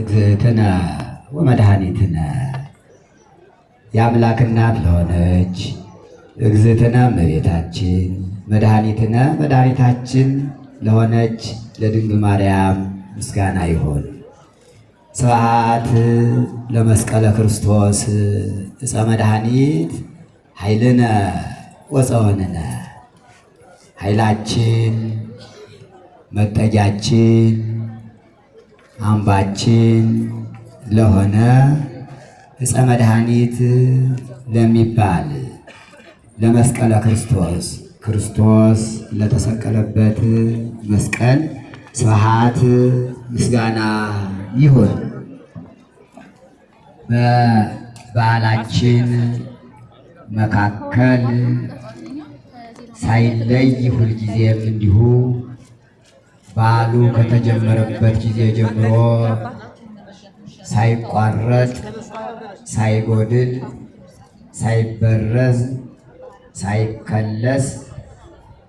እግዝእትነ ወመድኃኒትነ የአምላክ እናት ለሆነች እግዝእትነ እመቤታችን መድኃኒትነ መድኃኒታችን ለሆነች ለድንግል ማርያም ምስጋና ይሁን። ስብሐት ለመስቀለ ክርስቶስ እፀ መድኃኒት ኃይልነ ወፀወንነ ኃይላችን መጠጊያችን አምባችን ለሆነ ዕፀ መድኃኒት ለሚባል ለመስቀለ ክርስቶስ ክርስቶስ ለተሰቀለበት መስቀል ስብሐት ምስጋና ይሁን። በበዓላችን መካከል ሳይለይ ሁልጊዜም እንዲሁ በዓሉ ከተጀመረበት ጊዜ ጀምሮ ሳይቋረጥ ሳይጎድል ሳይበረዝ ሳይከለስ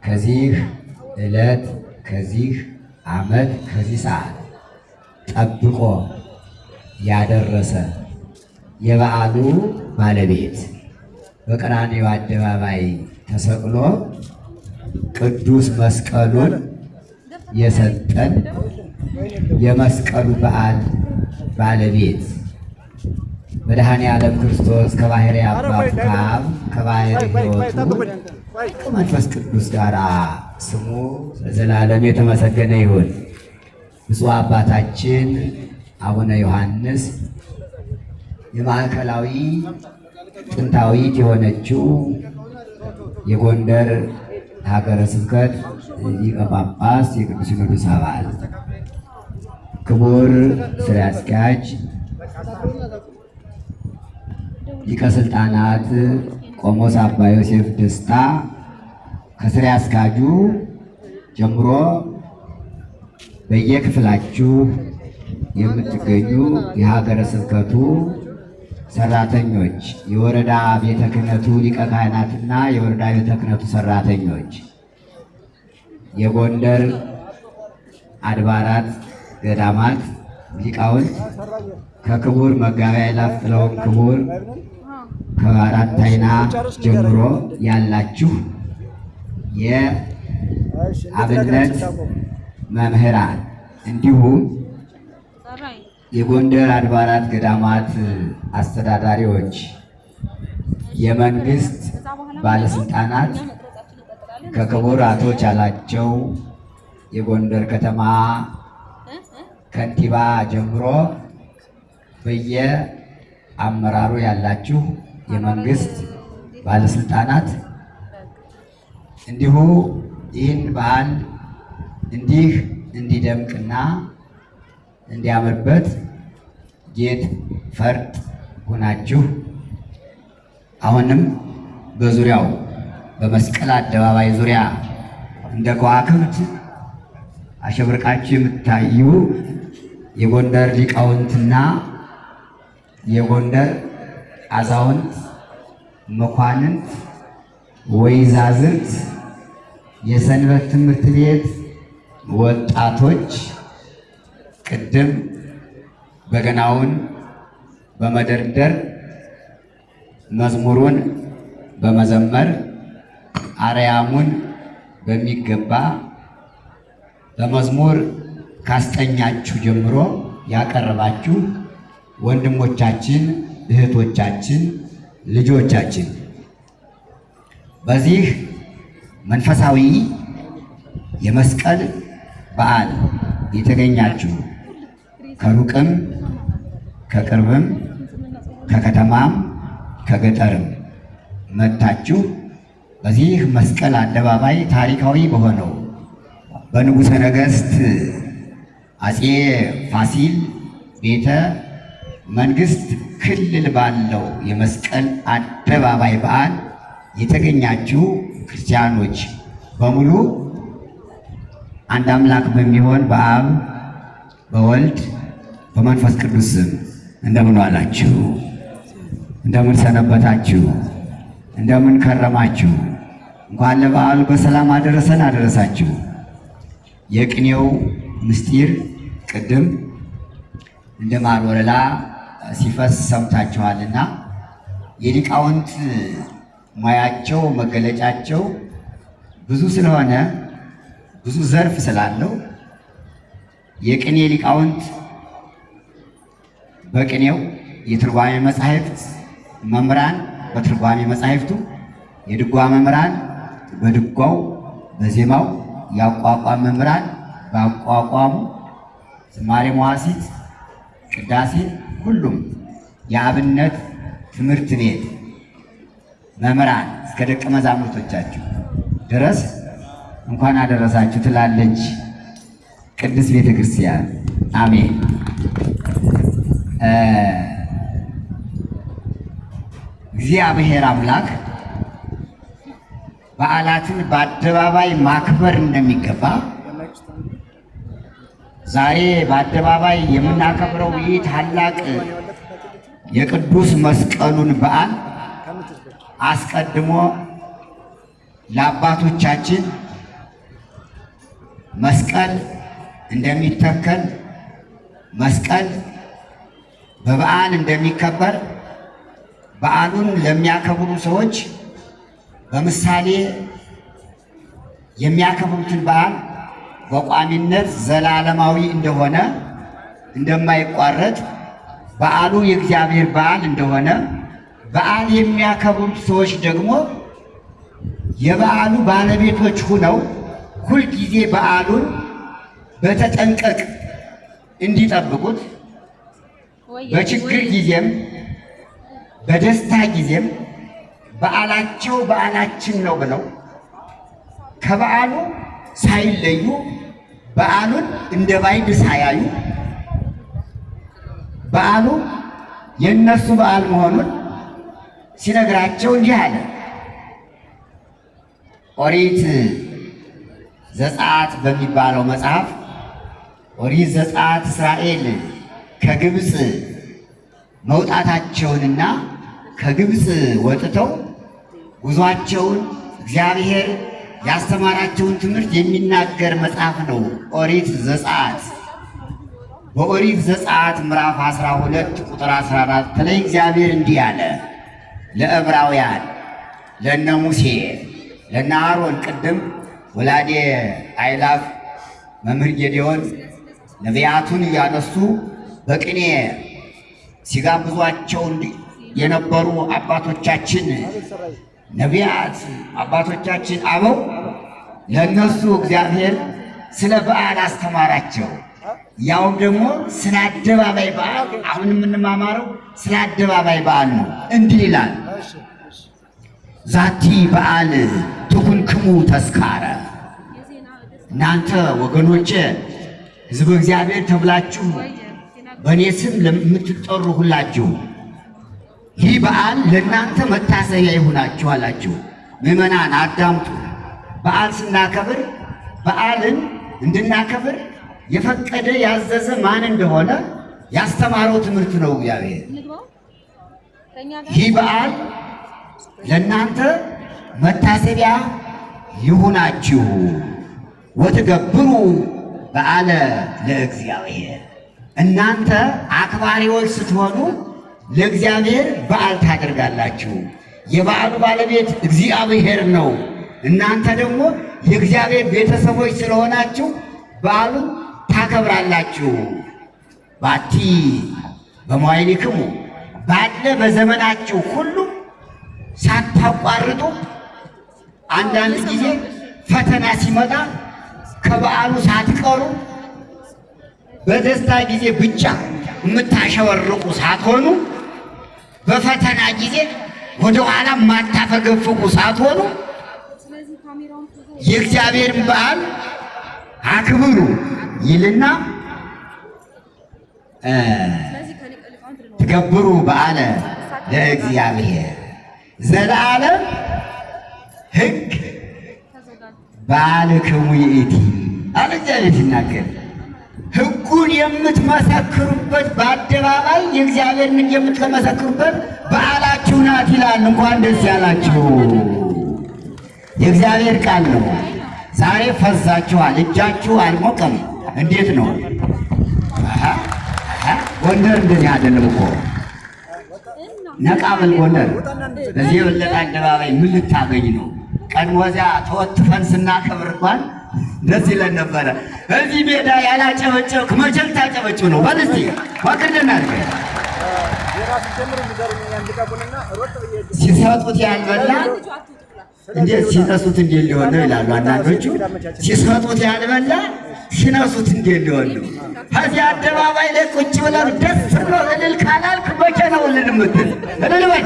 ከዚህ ዕለት ከዚህ ዓመት ከዚህ ሰዓት ጠብቆ ያደረሰ የበዓሉ ባለቤት በቀራንዮ አደባባይ ተሰቅሎ ቅዱስ መስቀሉን የሰጠን የመስቀሉ በዓል ባለቤት መድኃኔ ዓለም ክርስቶስ ከባሕሪ አባቱ ከአብ ከባሕሪ ሕይወቱ ከመንፈስ ቅዱስ ጋር ስሙ ለዘላለም የተመሰገነ ይሁን። ብፁዕ አባታችን አቡነ ዮሐንስ የማዕከላዊ ጥንታዊት የሆነችው የጎንደር ሀገረ ስብከት ሊቀ ጳጳስ የቅዱስ ሲኖዶስ አባል ክቡር ስራ አስኪያጅ ሊቀ ስልጣናት ቆሞስ አባ ዮሴፍ ደስታ ከስራ አስኪያጁ ጀምሮ በየክፍላችሁ የምትገኙ የሀገረ ስብከቱ ሰራተኞች፣ የወረዳ ቤተ ክህነቱ ሊቀ ካህናትና የወረዳ ቤተ ክህነቱ ሰራተኞች የጎንደር አድባራት ገዳማት ሊቃውንት ከክቡር መጋቢያ ኃይላት ክቡር ከአራት አይና ጀምሮ ያላችሁ የአብነት መምህራን እንዲሁም የጎንደር አድባራት ገዳማት አስተዳዳሪዎች፣ የመንግስት ባለስልጣናት ከክቡር አቶ ቻላቸው የጎንደር ከተማ ከንቲባ ጀምሮ በየ አመራሩ ያላችሁ የመንግስት ባለስልጣናት እንዲሁ ይህን በዓል እንዲህ እንዲደምቅና እንዲያምርበት ጌጥ ፈርጥ ሆናችሁ አሁንም በዙሪያው በመስቀል አደባባይ ዙሪያ እንደ ከዋክብት አሸብርቃችሁ የምታዩ የጎንደር ሊቃውንትና የጎንደር አዛውንት መኳንንት፣ ወይዛዝርት፣ የሰንበት ትምህርት ቤት ወጣቶች ቅድም በገናውን በመደርደር መዝሙሩን በመዘመር አርያሙን በሚገባ በመዝሙር ካስጠኛችሁ ጀምሮ ያቀረባችሁ ወንድሞቻችን፣ እህቶቻችን፣ ልጆቻችን በዚህ መንፈሳዊ የመስቀል በዓል የተገኛችሁ ከሩቅም ከቅርብም ከከተማም ከገጠርም መጥታችሁ በዚህ መስቀል አደባባይ ታሪካዊ በሆነው በንጉሠ ነገሥት አፄ ፋሲል ቤተ መንግሥት ክልል ባለው የመስቀል አደባባይ በዓል የተገኛችሁ ክርስቲያኖች በሙሉ አንድ አምላክ በሚሆን በአብ በወልድ በመንፈስ ቅዱስ ስም እንደምን ዋላችሁ? እንደምን ሰነበታችሁ? እንደምን ከረማችሁ? እንኳን ለበዓሉ በሰላም አደረሰን አደረሳችሁ። የቅኔው ምስጢር ቅድም እንደ ማር ወለላ ሲፈስ ሰምታችኋልና የሊቃውንት ሙያቸው መገለጫቸው ብዙ ስለሆነ ብዙ ዘርፍ ስላለው የቅኔ ሊቃውንት በቅኔው የትርጓሜ መጻሕፍት መምህራን በትርጓሜ መጻሕፍቱ የድጓ መምህራን በድጓው በዜማው ያቋቋም መምህራን ባቋቋሙ ዝማሬ መዋሥዕት፣ ቅዳሴ ሁሉም የአብነት ትምህርት ቤት መምህራን እስከ ደቀ መዛሙርቶቻችሁ ድረስ እንኳን አደረሳችሁ ትላለች ቅድስት ቤተ ክርስቲያን። አሜን። እግዚአብሔር አምላክ በዓላትን በአደባባይ ማክበር እንደሚገባ ዛሬ በአደባባይ የምናከብረው ይህ ታላቅ የቅዱስ መስቀሉን በዓል አስቀድሞ ለአባቶቻችን መስቀል እንደሚተከል መስቀል በበዓል እንደሚከበር በዓሉን ለሚያከብሩ ሰዎች በምሳሌ የሚያከብሩትን በዓል በቋሚነት ዘላለማዊ እንደሆነ እንደማይቋረጥ በዓሉ የእግዚአብሔር በዓል እንደሆነ በዓል የሚያከብሩት ሰዎች ደግሞ የበዓሉ ባለቤቶች ሁነው ሁልጊዜ በዓሉን በተጠንቀቅ እንዲጠብቁት በችግር ጊዜም በደስታ ጊዜም በዓላቸው በዓላችን ነው ብለው ከበዓሉ ሳይለዩ በዓሉን እንደ ባይድ ሳያዩ በዓሉ የእነሱ በዓል መሆኑን ሲነግራቸው እንዲህ አለ። ኦሪት ዘጸአት በሚባለው መጽሐፍ ኦሪት ዘጸአት እስራኤል ከግብፅ መውጣታቸውንና ከግብፅ ወጥተው ጉዟቸውን እግዚአብሔር ያስተማራቸውን ትምህርት የሚናገር መጽሐፍ ነው። ኦሪት ዘጸአት። በኦሪት ዘጸአት ምዕራፍ 12 ቁጥር 14 ላይ እግዚአብሔር እንዲህ አለ ለዕብራውያን ለነ ሙሴ ለነ አሮን ቅድም ወላዴ አይላፍ መምህር ጌዲዮን ነቢያቱን እያነሱ በቅኔ ሲጋብዟቸው የነበሩ አባቶቻችን ነቢያት አባቶቻችን አበው ለእነሱ እግዚአብሔር ስለ በዓል አስተማራቸው። ያውም ደግሞ ስለ አደባባይ በዓል አሁን የምንማማረው ስለ አደባባይ በዓል ነው። እንዲህ ይላል ዛቲ በዓል ትኩንክሙ ተስካረ። እናንተ ወገኖቼ ሕዝብ እግዚአብሔር ተብላችሁ በእኔ ስም ለምትጠሩ ሁላችሁ ይህ በዓል ለእናንተ መታሰቢያ ይሁናችሁ አላችሁ። ምእመናን አዳምጡ። በዓል ስናከብር በዓልን እንድናከብር የፈቀደ ያዘዘ ማን እንደሆነ ያስተማረው ትምህርት ነው እግዚአብሔር። ይህ በዓል ለእናንተ መታሰቢያ ይሁናችሁ ወትገብሩ በዓለ ለእግዚአብሔር። እናንተ አክባሪዎች ስትሆኑ ለእግዚአብሔር በዓል ታደርጋላችሁ። የበዓሉ ባለቤት እግዚአብሔር ነው። እናንተ ደግሞ የእግዚአብሔር ቤተሰቦች ስለሆናችሁ በዓሉ ታከብራላችሁ። ባቲ በመዋዕሊክሙ ባለ በዘመናችሁ ሁሉ ሳታቋርጡ አንዳንድ ጊዜ ፈተና ሲመጣ ከበዓሉ ሳትቀሩ በደስታ ጊዜ ብቻ የምታሸወርቁ ሳትሆኑ በፈተና ጊዜ ወደኋላ ማታፈገፍቁ ሳትሆኑ የእግዚአብሔርን በዓል አክብሩ ይልና ትገብሩ በዓለ ለእግዚአብሔር ዘለዓለም ሕግ በዓልክሙ ይእቲ አለ እግዚአብሔር ሲናገር ሕጉን የምትመሰክሩበት በአደባባይ የእግዚአብሔርን የምትመሰክሩበት በዓላችሁ ናት ይላል። እንኳን ደስ ያላችሁ። የእግዚአብሔር ቃል ነው። ዛሬ ፈዛችኋል፣ እጃችሁ አልሞቀም። እንዴት ነው? ጎንደር እንደዚህ አይደለም እኮ ነቃበል ጎንደር በዚህ የበለጠ አደባባይ ምን ልታገኝ ነው? ቀን ወዚያ ተወትፈን ስናከብር እንኳን ደስ ይለን ነበረ። እዚህ ሜዳ ያላጨበጨብክ መቼ ልታጨበጭብ ነው? በል እስኪ ወቅድና ሲሰጡት ያልበላ እንዴት ሲነሱት እንዴት ሊሆን ነው ይላሉ አንዳንዶቹ። ሲሰጡት ያልበላ ሲነሱት እንዴት ሊሆን ነው? ከዚህ አደባባይ ላይ ቁጭ ብለን ደስ ብሎ እልል ካላልክ መቼ ነው እልል የምትል? እልል በል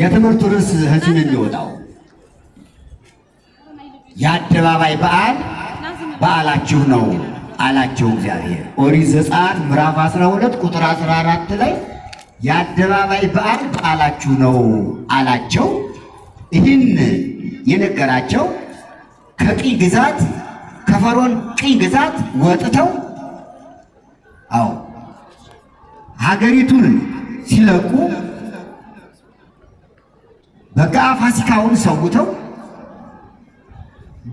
የትምህርቱ ርዕስ ከዚህ ነው የሚወጣው። የአደባባይ በዓል በዓላችሁ ነው አላቸው እግዚአብሔር። ኦሪት ዘጸአት ምዕራፍ 12 ቁጥር 14 ላይ የአደባባይ በዓል በዓላችሁ ነው አላቸው። ይህን የነገራቸው ከቅኝ ግዛት ከፈሮን ቂ ግዛት ወጥተው አዎ ሀገሪቱን ሲለቁ በጋ ፋሲካውን ሰውተው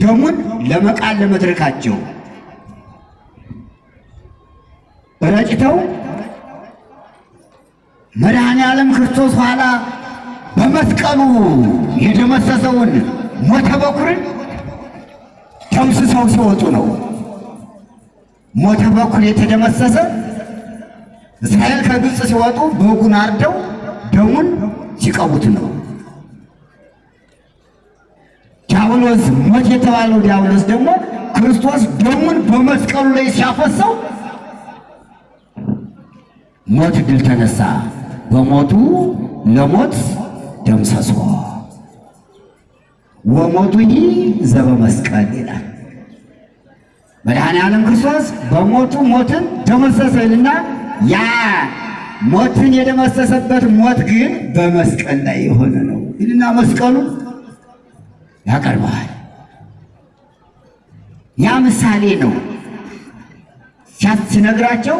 ደሙን ለመቃል ለመድረካቸው ረጭተው መድኃኔ ዓለም ክርስቶስ ኋላ በመስቀሉ የደመሰሰውን ሞተ በኩርን ደምስሰው ሲወጡ ነው። ሞተ በኩር የተደመሰሰ እስራኤል ከግብፅ ሲወጡ በጉን አርደው ደሙን ሲቀቡት ነው። ዲያብሎስ ሞት የተባለው ዲያብሎስ ደግሞ ክርስቶስ ደሙን በመስቀሉ ላይ ሲያፈሰው ሞት ድል ተነሳ። በሞቱ ለሞት ደምሰሶ ወሞቱ ይህ ዘበመስቀል ይላል። መድኃኔ ዓለም ክርስቶስ በሞቱ ሞትን ደመሰሰ ያ ሞትን የደመሰሰበት ሞት ግን በመስቀል ላይ የሆነ ነው ይልና መስቀሉ ያቀርበዋል። ያ ምሳሌ ነው። ሲነግራቸው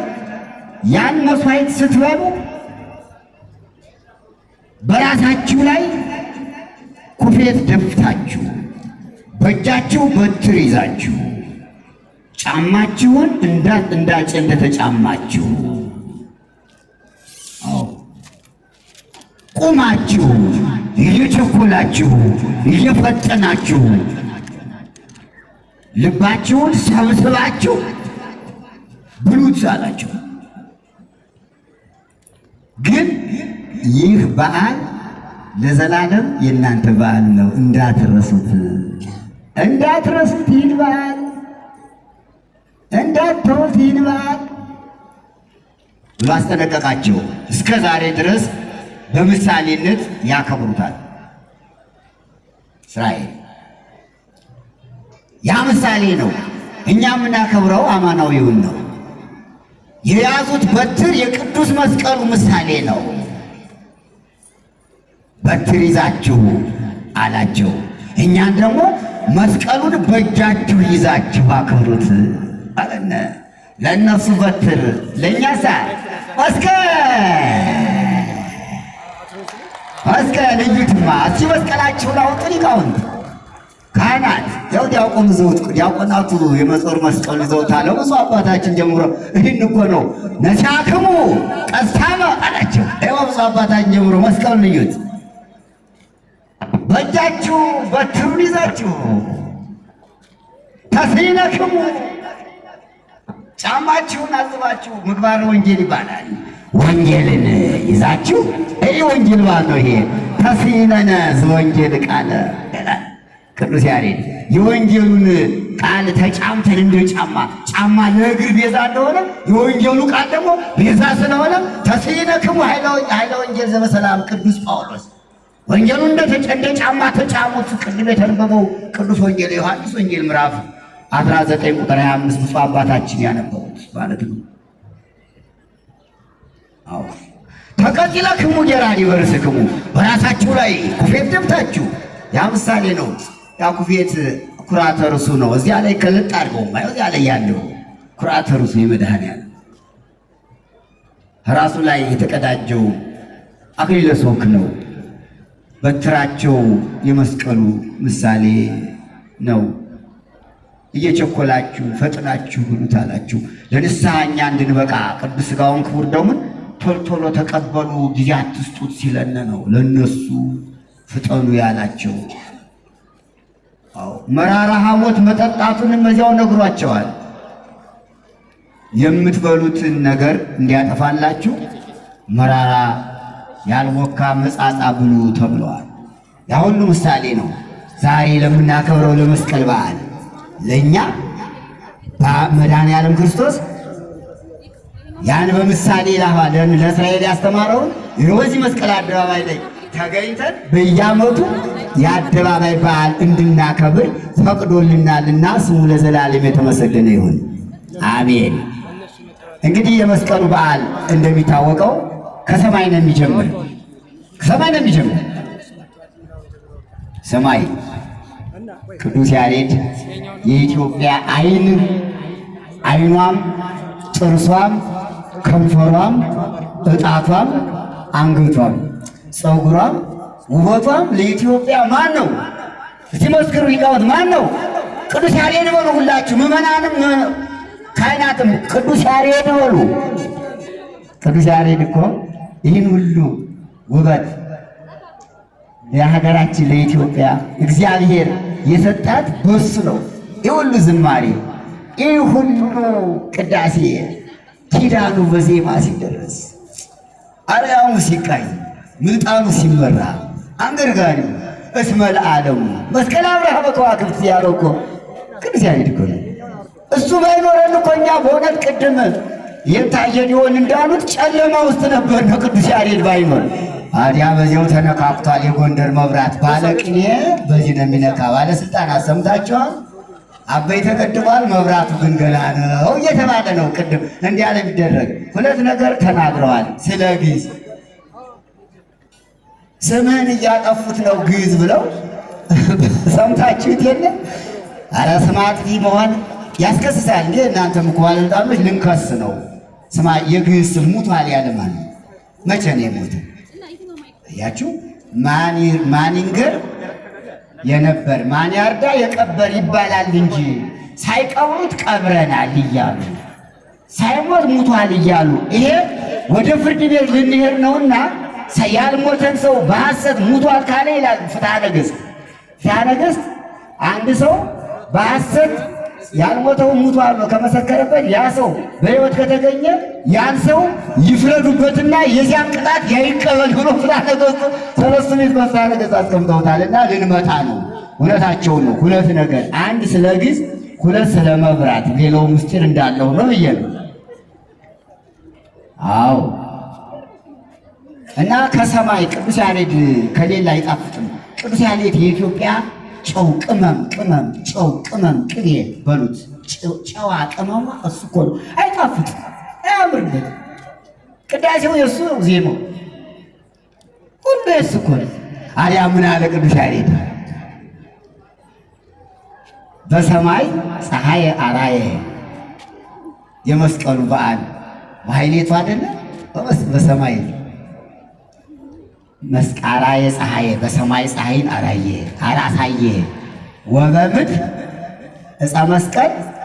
ያን መስዋዕት ስትበሉ በራሳችሁ ላይ ኩፌት ደፍታችሁ በእጃችሁ በትር ይዛችሁ ጫማችሁን እንዳጨ እንደተጫማችሁ ቁማችሁ እየቸኮላችሁ እየፈጠናችሁ ልባችሁን ሰብስባችሁ ብሉት አላቸው። ግን ይህ በዓል ለዘላለም የእናንተ በዓል ነው፣ እንዳትረሱት እንዳትረሱት ይህን በዓል እንዳትተውት ይህን በዓል ብሎ አስጠነቀቃቸው። እስከ ዛሬ ድረስ በምሳሌነት ያከብሩታል። እስራኤል ያ ምሳሌ ነው። እኛ የምናከብረው አማናዊውን ነው። የያዙት በትር የቅዱስ መስቀሉ ምሳሌ ነው። በትር ይዛችሁ አላቸው። እኛን ደግሞ መስቀሉን በእጃችሁ ይዛችሁ አክብሩት አለነ። ለእነሱ በትር ለእኛ ሳ መስቀል መስቀል እዩትማ እስኪ መስቀላችሁን አውጡን። ሊቃውንት ካህናት፣ ያው ዲያቆኑ ዘውት ዲያቆናቱ የመጾር መስቀል ዘውት አለው ብፁዕ አባታችን ጀምሮ ይህን እኮ ነው ነሲሐክሙ ቀስታመ አላቸው። ይኸው ብፁዕ አባታችን ጀምሮ መስቀሉን ልዩት በእጃችሁ በትሩን ይዛችሁ ተስሊነክሙ ጫማችሁን አዝባችሁ ምግባር ወንጌል ይባላል። ወንጌልን ይዛችሁ እይ ወንጌል ባል ይሄ ተስኢለነ ዘወንጌል ቃለ ቅዱስ ያሬድ የወንጌሉን ቃል ተጫምተን እንደ ጫማ ጫማ ለእግር ቤዛ እንደሆነ የወንጌሉ ቃል ደግሞ ቤዛ ስለሆነ ተስኢለክሙ ኃይለ ወንጌል ዘበሰላም ቅዱስ ጳውሎስ ወንጌሉ እንደ ጫማ ተጫሙት። ቅድም የተነበበው ቅዱስ ወንጌል ዮሐንስ ወንጌል ምዕራፍ 19 ቁጥር 25 ብፁዕ አባታችን ያነበቡት ማለት ነው። ተቀጽለክሙ ጌራን ይበርስክሙ በራሳችሁ ላይ ኩፌት ደብታችሁ። ያ ምሳሌ ነው። ያ ኩፌት ኩራተ ርሱ ነው። እዚያ ላይ ከልጥ አድርገው ማየው እዚያ ላይ ያለው ኩራተ ርሱ የመድኃኒዓለም ራሱ ላይ የተቀዳጀው አክሊለ ሦክ ነው። በትራቸው የመስቀሉ ምሳሌ ነው። እየቸኮላችሁ ፈጥናችሁ ብሉት አላችሁ ለንስሐ እኛ እንድንበቃ ቅዱስ ሥጋውን ክቡር ደሙን ቶሎ ቶሎ ተቀበሉ፣ ጊዜ አትስጡት ሲለን ነው ለነሱ ፍጠኑ ያላቸው። መራራ ሐሞት መጠጣቱንም እዚያው ነግሯቸዋል። የምትበሉትን ነገር እንዲያጠፋላችሁ መራራ ያልወካ መጻጻ ብሉ ተብለዋል። ያ ሁሉ ምሳሌ ነው። ዛሬ ለምናከብረው ለመስቀል በዓል ለእኛ መድኃኔ ዓለም ክርስቶስ ያን በምሳሌ ይላል ለእስራኤል ያስተማረውን በዚህ መስቀል አደባባይ ላይ ተገኝተን በየዓመቱ የአደባባይ በዓል እንድናከብር ፈቅዶልናልና ስሙ ለዘላለም የተመሰገነ ይሁን፣ አሜን። እንግዲህ የመስቀሉ በዓል እንደሚታወቀው ከሰማይ ነው የሚጀምር። ከሰማይ ነው የሚጀምር። ሰማይ ቅዱስ ያሬድ የኢትዮጵያ አይን አይኗም ጥርሷም ከንፈሯም፣ እጣቷም፣ አንገቷም፣ ፀጉሯም፣ ውበቷም ለኢትዮጵያ ማን ነው? እስቲ መስክሩ ሊቃውንት፣ ማን ነው? ቅዱስ ያሬድ በሉ ሁላችሁ፣ ምዕመናንም ካህናትም ቅዱስ ያሬድ በሉ። ቅዱስ ያሬድ እኮ ይህን ሁሉ ውበት ለሀገራችን ለኢትዮጵያ እግዚአብሔር የሰጣት በሱ ነው። ይህ ሁሉ ዝማሬ፣ ይህ ሁሉ ቅዳሴ ኪዳኑ በዜማ ሲደረስ አርያሙ ሲቃኝ ምጣኑ ሲመራ አንገርጋሪው እስመል ዓለሙ መስቀል አብርሃ በከዋክብት ያለው እኮ እግዚአብሔር እኮ ነው። እሱ ባይኖረን እኮ እኛ በእውነት ቅድም የታየን ይሆን እንዳሉት ጨለማ ውስጥ ነበር ነው ቅዱስ ያሬድ ባይኖር አዲያ በዚያው ተነካክቷል የጎንደር መብራት ባለቅኔ በዚህ ነው የሚነካ ባለስልጣን አሰምታቸዋል አበይ ተቀድሟል መብራቱ ግን ገና ነው እየተባለ ነው። ቅድም እንዲህ ያለ የሚደረግ ሁለት ነገር ተናግረዋል ስለ ግዕዝ ስምህን እያጠፉት ነው ግዕዝ ብለው ሰምታችሁት የለ አረ ስማት መሆን ያስከስሳል እንዴ እናንተም እኮ ባለጣሎች ልንከስ ነው ስማ የግዕዝ ስም ሙቷል ያለ ማን መቼ ነው የሞተ እያችሁ ማኒንገር የነበር ማን ያርዳ የቀበር ይባላል እንጂ ሳይቀብሩት ቀብረናል እያሉ ሳይሞት ሙቷል እያሉ ይሄ ወደ ፍርድ ቤት ልንሄድ ነውና ያልሞተን ሰው በሐሰት ሙቷል ካለ ይላል ፍትሐ ነገሥት። ፍትሐ ነገሥት አንድ ሰው በሐሰት ያልሞተው ሙቷል ነው ከመሰከረበት ያ ሰው በሕይወት ከተገኘ ያን ሰው ይፍረዱበትና የዚያን ቅጣት ያይቀበል ብሎ ፍትሐ ነገሥቱ ሰለስቱ ቤት መፍትሐ ነገሥት አስቀምጠውታልና ልንመጣ ነው። እውነታቸውን ነው። ሁለት ነገር አንድ ስለ ግዕዝ፣ ሁለት ስለ መብራት። ሌላው ምስጢር እንዳለው ነው ብዬ ነው። አዎ እና ከሰማይ ቅዱስ ያሬድ ከሌላ አይጣፍጥም። ቅዱስ ያሬድ የኢትዮጵያ ጨው ቅመም ቅመም ጨው ቅመም ቅቤ በሉት። ጨዋ ቅመማ እሱ እኮ ነው። አይጣፍጥ አያምርበት። ቅዳሴው የእሱ ነው። ዜማው ሁሉ የእሱ እኮ ነው። አዲያ ምን አለ ቅዱስ ያሬድ በሰማይ ፀሐይ አራየ የመስቀሉ በዓል በሀይሌቱ አይደለ በሰማይ መስቃራ የፀሐየ በሰማይ ፀሐይን አራየ አራሳየ ወበምድ ዕፀ መስቀል